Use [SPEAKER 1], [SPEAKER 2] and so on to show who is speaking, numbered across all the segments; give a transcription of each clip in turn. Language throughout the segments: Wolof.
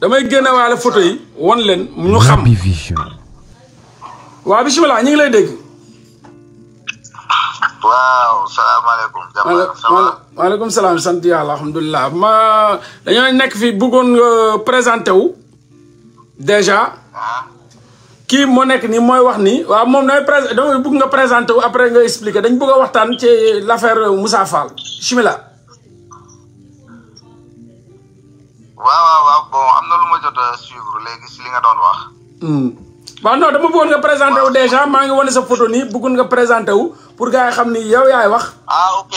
[SPEAKER 1] damay génne waale photo yi won leen ñu xam waaw bisimilah ñu ngi lay dégg.
[SPEAKER 2] waaw salaamaaleykum.
[SPEAKER 1] waaleykum salaam sant yàlla alhamdulilah ma dañoo nekk fii bëggoon nga présenté wu déjà ah. kii moo nekk nii mooy wax ni waaw moom damay bugg damay nga présenté wu après nga expliqué dañ bëgg waxtaan ci l'affaire mussa Fall bisimilah.
[SPEAKER 2] waaw waaw waaw bon am na lu ma jot a suivre léegi si li nga doon wax.
[SPEAKER 1] Hmm. waaw non dama bëggoon nga présenté wu déjà maa ngi wane sa photo nii bëggoon nga présenté wu pour gars yi xam ni yow yaay wax. ah ok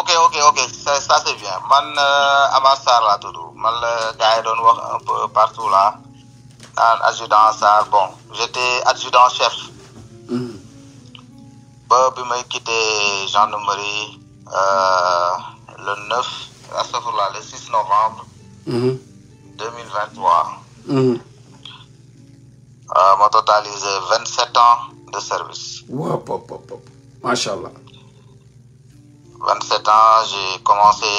[SPEAKER 1] ok ok ok ça ça c'est bien man
[SPEAKER 2] euh, Amar Sarr laa tudd man la gars yi doon wax un peu partout là naan adjudant Sarr bon j'étais adjudant chef. Hmm. ba bi may quitté gendarmerie euh, le 9 astafurlah
[SPEAKER 1] le 6 novembre. 2023. Mm-hmm. Mmh.
[SPEAKER 2] Mm-hmm. Euh, m'a totalisé 27 ans de service. Wop, pop, pop, pop. Machallah. 27 ans, j'ai commencé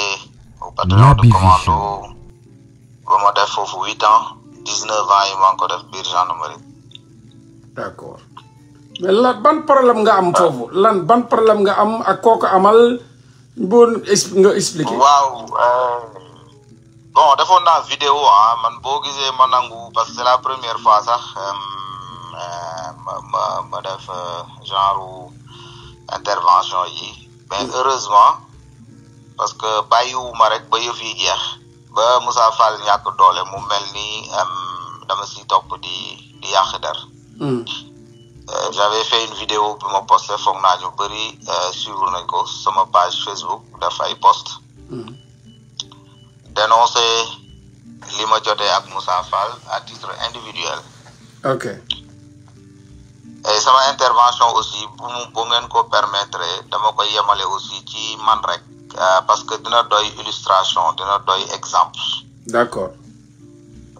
[SPEAKER 2] au bataillon de commando. ba ma def 8 ans 19 ans il maa ngi ko def biir d'accord
[SPEAKER 1] mais lan ban problème nga am foofu lan ban problème nga am ak koko amal bon expliquer expliqué.
[SPEAKER 2] euh bon defoon naa vidéo ah man boo gisee ma nangu parce que c'est la première fois sax ma ma ma def euh, genre intervention yi mais heureusement parce que bàyyiwuma rek ba yëf yi jeex ba Moussa Fall ñàkk doole mu mel ni dama si topp di di yàq der hmm. euh, j'avais fait une vidéo bi ma posté foog naa ñu bëri euh, suivre nañ ko sama page Facebook def ay post dénoncé lima ma ak Moussa Fall à titre individuel. ok. et ma intervention aussi pour nous permettre de koy yemale aussi ci man rek euh, parce que dina doy illustration dina doy exemple. d'accord.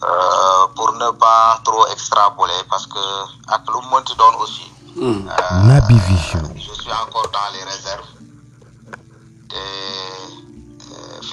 [SPEAKER 2] Euh, pour ne pas trop extrapoler parce que ak lu mënti aussi. Hmm. Euh,
[SPEAKER 1] Vision. je
[SPEAKER 2] suis encore dans les réserves.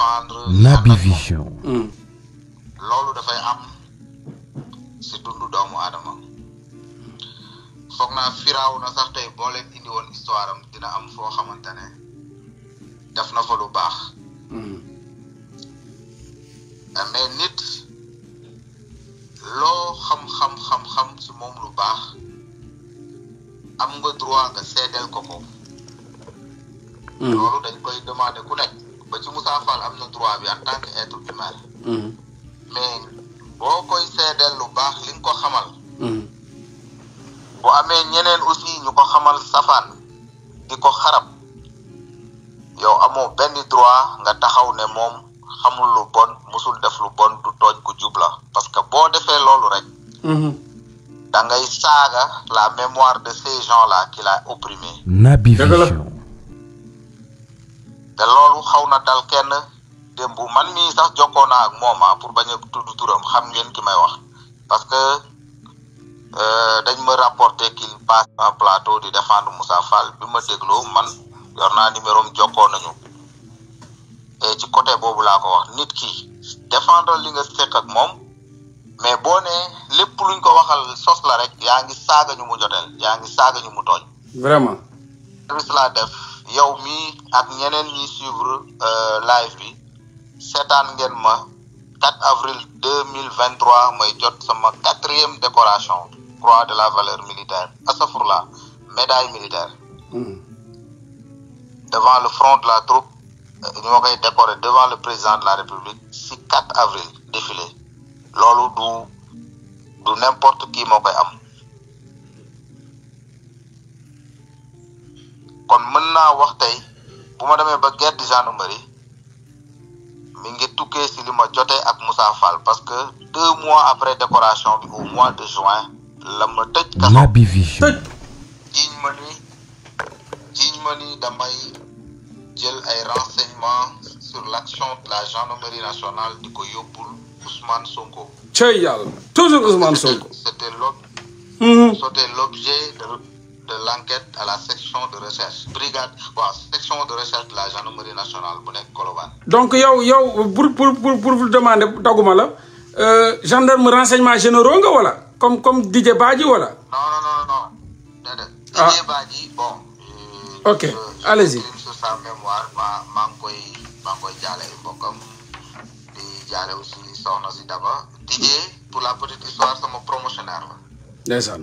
[SPEAKER 1] défendre. Hmm.
[SPEAKER 2] loolu dafay am si dundu doomu aadama foog naa firaaw na sax tey boo leen indi histoire am dina am foo xamante ne def na fa lu baax. Hmm. mais nit loo xam-xam xam-xam si moom lu baax am nga droit nga seedeel ko ko. Hmm. loolu dañ koy demander ku nekk. ba ci Moussa Fall am na droit bi en tant que être humain.
[SPEAKER 1] Mhm. mais
[SPEAKER 2] boo koy seedeel lu baax li nga ko
[SPEAKER 1] xamal. Mhm.
[SPEAKER 2] bu amee ñeneen aussi ñu ko xamal safaan di ko xarab yow amoo benn droit nga taxaw ne moom xamul lu bon musul def lu bon du tooñ ku jubla
[SPEAKER 1] parce que boo defee loolu rek. Mhm. da ngay saaga la mémoire de ces gens là qui a opprimé. Naby Vision. te loolu xaw
[SPEAKER 2] na dal kenn démb man mii sax jokkoo naa ak moom ah, pour bañ a tudd turam xam ngeen ki may wax parce que euh, dañ ma rapporter qu'il passe en plateau di défendre Moussa Fall bi ma dégloo man yor naa numéro am jokkoo nañu ci côté boobu laa ko wax nit ki défendre li nga seq ak moom mais boo nee lépp luñ ko waxal sos la rek yaa ngi saaga ñu mu joteel yaa ngi saaga ñu mu tooñ. vraiment. service laa def. yow mi ak ñeneen ñi suivre euh, live bi seetaan ngeen 4 avril 2023 may jot sama quatrième décoration croix de la valeur militaire à ce jour-là, médaille militaire hmm. devant le front de la troupe je euh, décoré devant le président de la république si 4 avril défilé loolu du n'importe qui moo kon mën naa wax tey bu ma demee ba guerre de gendarmerie mi ngi tukkee si li ma jotee ak Moussa Fall parce que deux mois après décoration bi au mois de juin la ma tëj
[SPEAKER 1] kaso Naby Vision jiñ ma ma ni damay jël
[SPEAKER 2] ay renseignements sur l'action de la gendarmerie nationale di ko yóbbul Ousmane Sonko cey yàlla toujours Ousmane Sonko
[SPEAKER 1] c'était
[SPEAKER 2] l'objet mhm. de l'enquête à la section de recherche brigade waaw section de recherche de la gendarmerie nationale
[SPEAKER 1] yow yow pour pour pour pour demander daguma la euh, gendarme renseignement généraux nga wala comme comme Didier wala.
[SPEAKER 2] non non non non déedéet. Ah. Euh, ok allez-y sur sa mémoire ma pour la petite histoire sama promotionnaire la. ndeysaan.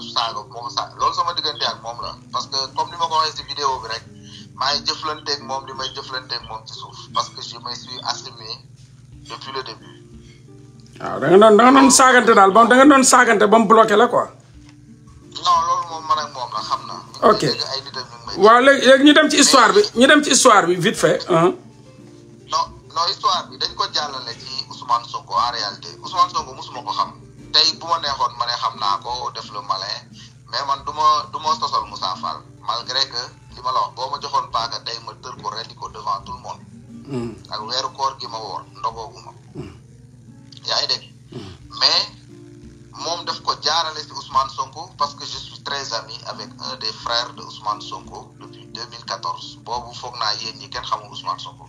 [SPEAKER 2] du saaga moom saaga loolu sama diggante ak moom la parce que comme ni ma ko waxee si vidéo bi rek maay jëflanteeg moom li may jëflanteeg moom ci suuf parce que je me suis assumé depuis le début.
[SPEAKER 1] waaw da nga doon da nga doon saagante daal ba da nga doon saagante ba mu bloqué la quoi.
[SPEAKER 2] non loolu moom man ak moom la xam na
[SPEAKER 1] ok waaw léegi ñu dem ci histoire bi ñu dem ci histoire bi vite fait. non non histoire bi dañ ko jàllale ci Ousmane Sonko en
[SPEAKER 2] réalité Ousmane Sonko mosuma ko xam. tey bu ma neexoon ma ne xam naa ko def le malin mais man du ma du ma sosal Moussa Fall malgré que li ma la wax boo ma joxoon paaka tey ma tër ko rendi ko devant tout le monde. Mm. ak weeru koor gi ma woor ndogoogu ma. Mm. yaa ngi dégg. Mm. mais moom daf ko jaarale si Ousmane Sonko parce que je suis très ami
[SPEAKER 1] avec un des frères de Ousmane Sonko depuis 2014 boobu foog naa yéen ñi kenn xamul Ousmane Sonko.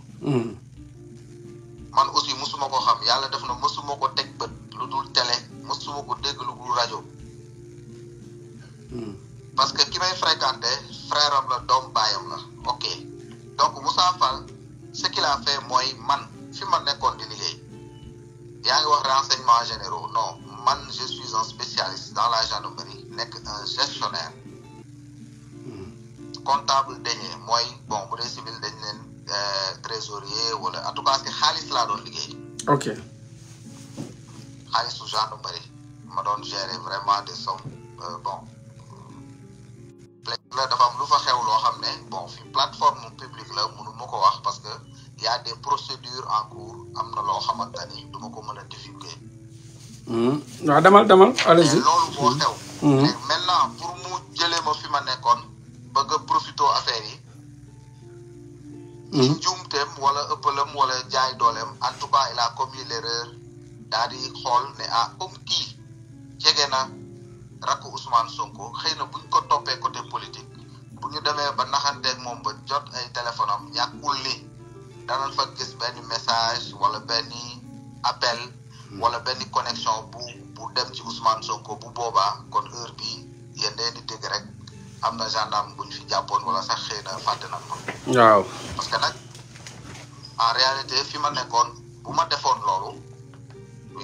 [SPEAKER 2] Enseignement généraux non Moi, je suis un spécialiste dans la gendarmerie n'est un gestionnaire hmm. comptable denier moi
[SPEAKER 1] bon pour les civils trésorier ou en tout cas c'est Khalis la donne ok xaalisu
[SPEAKER 2] gendarmerie ma Madame gérer vraiment des sommes euh, bon. la dafa am bon fi plateforme publique là, parce que y a des procédures en cours. am na loo xamante ni du ma ko mën a divulguer.
[SPEAKER 1] Hmm. waaw demal demal allez loolu boo xew. Hmm. maintenant pour mu jëlee ma fi ma nekkoon ba a profité affaire yi.
[SPEAKER 2] Hmm. ci wala ëppalam wala jaay doolem en tout cas il a commis l'erreur daal xool ne ah comme kii jege na rakk Sonko xëy na bu ko toppee côté politique bu ñu demee ba naxanteeg moom ba jot ay téléphone am ñàkkul ni dana fa gis benn message wala benn appel hmm. wala benn connexion bu bu dem ci Ousmane bu boobaa kon heure bi yéen day di dégg rek am na gendarme buñ fi jàppoon wala sax xëy na fàtte na ko. waaw parce que nag en réalité fi ma nekkoon bu ma defoon loolu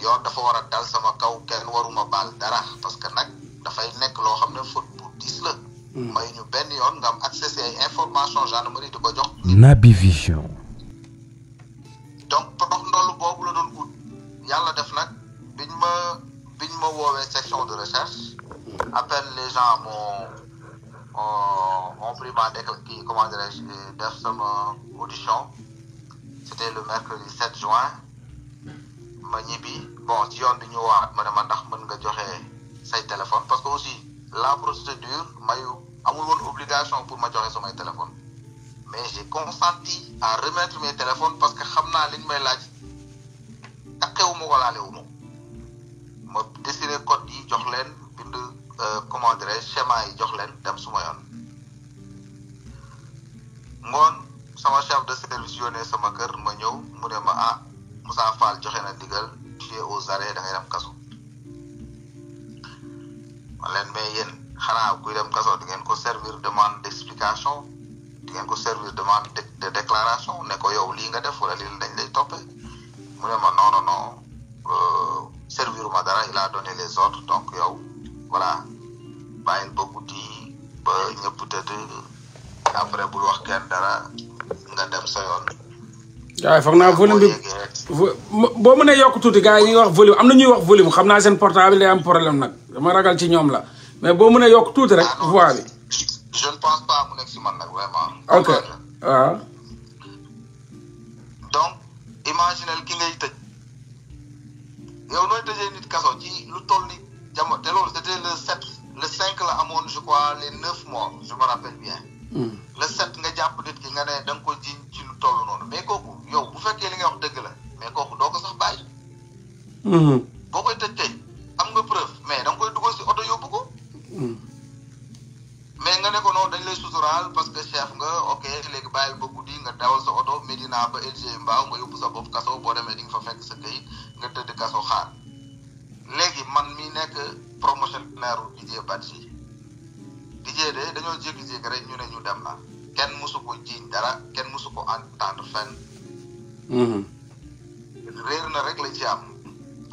[SPEAKER 2] yoon dafa war a dal sama kaw kenn waruma baal dara parce que nag dafay nekk loo xam ne faute bu diis la. Hmm. may ñu benn yoon nga am accès ay
[SPEAKER 1] information gendarmerie di ko jox. Vision.
[SPEAKER 2] On a ont, pris ma qui, comment dirais-je, audition. C'était le mercredi 7 juin. ma bon si on bi nous je ne ma ndax mën nga téléphone parce que aussi la procédure mayu amul une obligation pour ma joxe son téléphone mais j'ai consenti à remettre mes téléphones parce que je sais que je may laaj takkewu ma ko laalewu ma décider de code yi jox euh, comment dirais schéma yi dem suma chef de service yónnee sama ma ma ah digal da ngay dem dem di servir demande d'explication di ko servir demande de déclaration ne ko yow nga def wala dañ lay non non non euh, serviruma dara il a donné les ordres donc voilà bàyyil ba guddi ba ñëpp tëdd après bul wax kenn dara nga dem sa
[SPEAKER 1] yoon. waaw foog naa volume bi boo mënee yokk tuuti gars yi ñuy wax volume am na ñuy wax volume xam naa seen portable day am problème nag ma ragal ci ñoom la mais boo mënee yokk tuuti rek ah voix bi. je ne pense
[SPEAKER 2] pas mu nekk
[SPEAKER 1] ok waaw. donc imaginel ki ngay tëj yow nooy tëjee nit kaso ci lu toll ni jamono te c'était le 7 le 5 là, amoon je crois les 9 mois je me rappelle bien. Hmm. le 7 nga jàpp nit ki nga ne da nga ko jiñ ci lu toll non. mais kooku yow bu fekkee li nga wax dëgg la mais kooku doo ko sax bàyyi. Hmm. boo koy tëj tey am nga preuve mais dang nga koy dugal si oto yóbbu ko. Hmm. mais nga ne ko non dañ lay
[SPEAKER 2] sutural parce que chef nga ok légui bàyyil ba guddi nga dawal sa auto Medina ba LG Mbaaw nga yóbbu sa bopp kasso bo demee di nga fa fekk sa kay nga tëdd kasso xaar. léegi man mi nekk promotionnaire u Didier Badji Didier de dañoo jékki-jékki rek ñu ne ñu dem na kenn mësu ko jiiñ dara kenn mësu ko entendre fenn mhm. réer na rek la ci am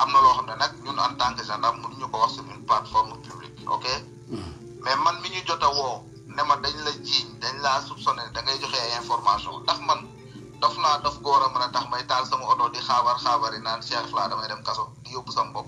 [SPEAKER 2] am na loo xam ne nag ñun en tant que gendarme mënuñu ko wax sur une plateforme publique ok mhm. mais man mi ñu jot a ne ma dañ la jiiñ dañ laa soupçonné da ngay joxe ay information ndax man dof naa dof góor a mën a tax may taal sama oto di xaabar xaabar yi naan Cheikh laa damay dem kaso di yóbbu sama bopp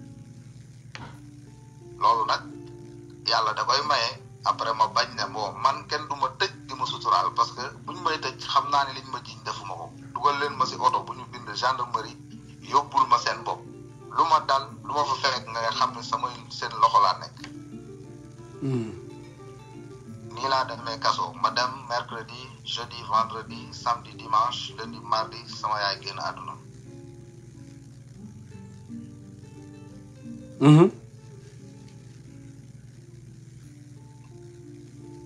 [SPEAKER 2] yàlla da koy maye après ma bañ ne bon man kenn du ma tëj di ma suturaal parce que buñ may tëj xam naa ne liñ ma jiñ defuma ko dugal leen ma si oto bu ñu bind gendarmerie yóbbul ma seen bopp lu ma dal
[SPEAKER 1] lu ma fa fekk nga xam ne samay seen loxo laa nekk. Hmm.
[SPEAKER 2] nii laa demee kaso ma dem mercredi jeudi vendredi samedi dimanche lundi mardi sama yaay génn àdduna. Hmm.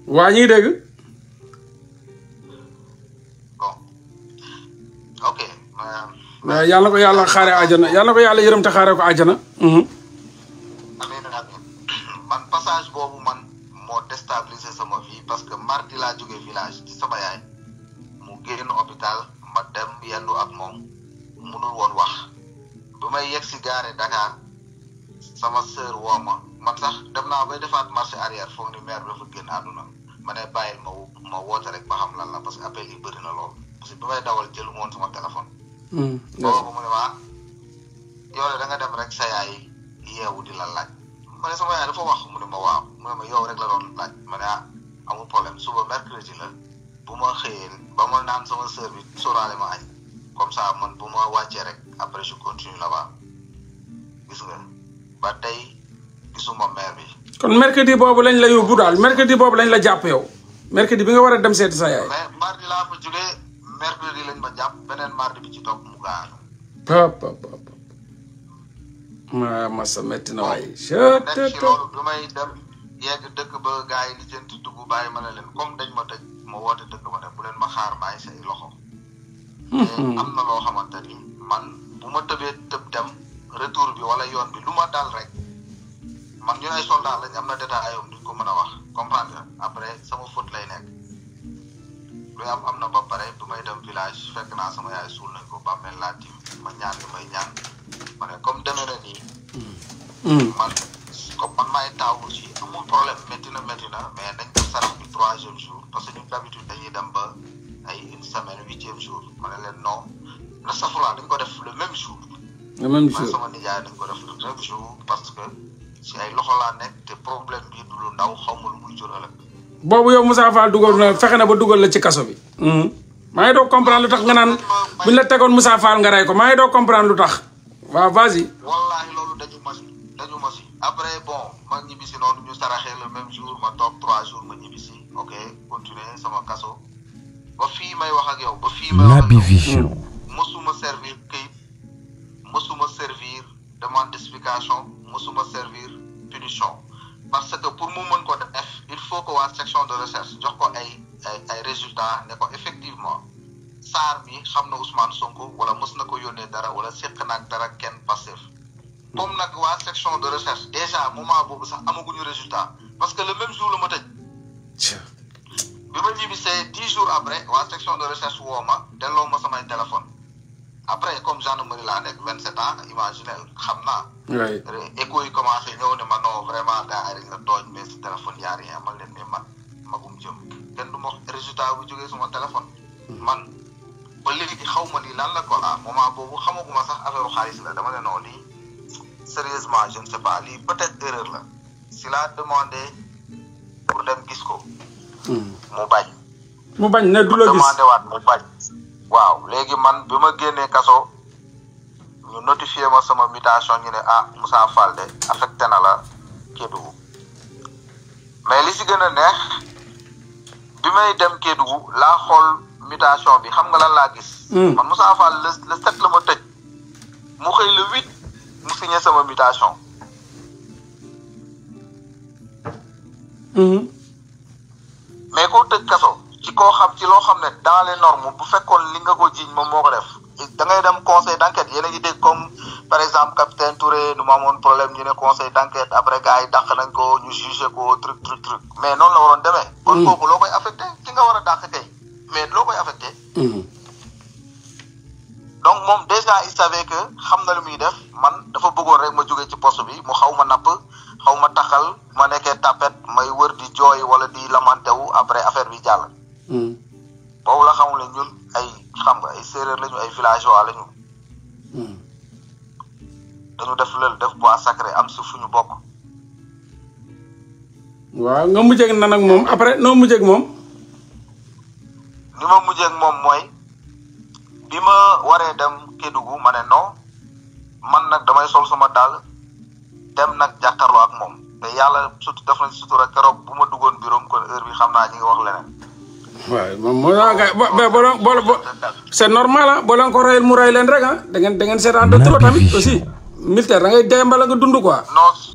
[SPEAKER 2] waa
[SPEAKER 1] ñuy dégg. ok. Euh, euh, yal na ko yàlla xaare àjjana yal na ko yàlla yërëm te xaare ko àjjana. Mhm. amiin
[SPEAKER 2] passage boobu man moo déstabilisé sama vie parce que mardi laa jógee village ci sama yaay mu génn hôpital ma dem yendu ak moom munul woon wax bu may yegg si Dakar sama sœur woo ma man sax dem naa bay defaat marché arrière foog ni maire bi dafa génn àdduna ma bàyyil ma ma woote rek ba xam lan la parce que appel yi bëri na lool parce que bi may dawal jëlu moon sama téléphone.
[SPEAKER 1] Hmm, boobu
[SPEAKER 2] mu ne ma yow dem rek sa yaay yeewu di la yow rek la doon laaj ma ne ah problème suba mercredi bu ma xëyee ba ma naan sama sœur bi sóoraale ma añ comme ça man bu ma wàccee rek après je continue là-bas
[SPEAKER 1] ba tey gisuma mère bi. kon mercredi boobu lañ la yóbbu daal mercredi boobu lañ la jàpp yow mercredi bi nga war a dem seet sa yaay.
[SPEAKER 2] mais laa fa jógee mercredi lañ ma jàpp beneen mardi bi ci topp mu
[SPEAKER 1] gaañu. pop pop pop ma metti na waaye. nekk ci
[SPEAKER 2] loolu bi may dem yegg dëkk ba gars yi li jënd dugg bàyyi ma ne leen comme dañ ma tëj ma woote dëkk ma xaar bàyyi say loxo.
[SPEAKER 1] Hmm, hmm.
[SPEAKER 2] loo xamante ni man bu ma tëbee tëb dem retour bi wala yoon bi lu ma dal rek. man ñu ay soldat lañ am na détail ayoom duñ ko mën a wax comprendre nga après sama faute lay nekk luy am am na ba pare bu may dem village fekk naa sama yaay suul nañ ko bàmmeel laa tim ma ñaan li may ñaan ma ne comme demee na nii. Hmm. man comme man maay taaw aussi amul problème métti na métti na mais nañ def sarax bi troisième jour parce que ñun d'habitude dañuy dem ba ay une semaine huitième jour ma ne leen non na safura dañ ko def le même jour. dañ ko def le même jour parce que. si ay loxo laa nekk te problème bi du lu ndaw
[SPEAKER 1] xaw ma lu muy jur ëllëg. boobu yow Moussa Fall dugal na fexe na ba dugal la ci kaso bi. Hmm. maa ngi doog comprendre lu tax nga naan bu la tegoon Moussa Fall nga rey ko maa ngi doo comprendre lu tax. waaw vas-y. loolu daju ma si daju si après bon ma ñibbi si noonu ñu saraxee le même jour ma toog trois jours ma ñibbi si ok continuer sama kaso ba fii may wax ak yow. ba fii may wax ak yow.
[SPEAKER 2] recherche woo ma delloo ma samay téléphone après comme gendarmerie laa nekk vingt sept ans imaginel xam naa. oui yi commencé ñëw ne ma non vraiment gars yi dañ la tooñ mais si téléphone yaa rien ma leen man magum jëm kenn résultat bu jógee sama téléphone. Hmm. man ba léegi xaw ma ni lan la ko ah moment boobu xamaguma sax affaire xaalis la dama ne non lii sérieusement je ne sais pas lii la si laa demandé pour dem gis hmm.
[SPEAKER 1] mu bañ ne du la gis demandé
[SPEAKER 2] mu bañ. waaw léegi man bi ma génnee kaso ñu notifié ma sama mutation ñu ne ah Moussa Fall de affecté la Kédougou mais li si gën a neex di may dem Kédougou laa xool mutation bi xam nga lan laa gis. Hmm. man Moussa Fall le le la ma tëj mu xëy le huit mu signé sama mutation. Hmm. dans les normes bu fekkoon li nga ko jiiñ moom moo ko def da ngay dem conseil d' enquête yéen a comme par exemple capitaine Touré nu mu amoon problème ñu
[SPEAKER 1] ne conseil d' enquête après gars yi dàq nañ ko ñu jugé ko truc truc mais noonu la waroon demee. kon mm. kooku loo koy affecté ki nga war a dàq kay mais loo koy affecté. Mm.
[SPEAKER 2] donc moom déjà il savait que xam na lu muy def man dafa bëggoon rek ma jógee ci poste bi mu xaw ma napp xaw ma taxal ma nekkee tàppet
[SPEAKER 1] waaw nga mujjee ak nan ak moom après noo mujjee ak moom.
[SPEAKER 2] li ma mujjee moom mooy bi ma waree dem Kédougou ma ne non man nag damay sol sama daal dem na jàkkaarloo ak moom te yàlla surtout def na sutura keroog bu ma duggoon bureau kon heure bi xam naa ñi ngi wax leneen.
[SPEAKER 1] waaw moom mooy boo c'est normal ah bo leen ko rayal mu ray leen rek ah da ngeen da ngeen seetaan de trop tamit aussi. militaire da ngay dee mbala nga dund quoi.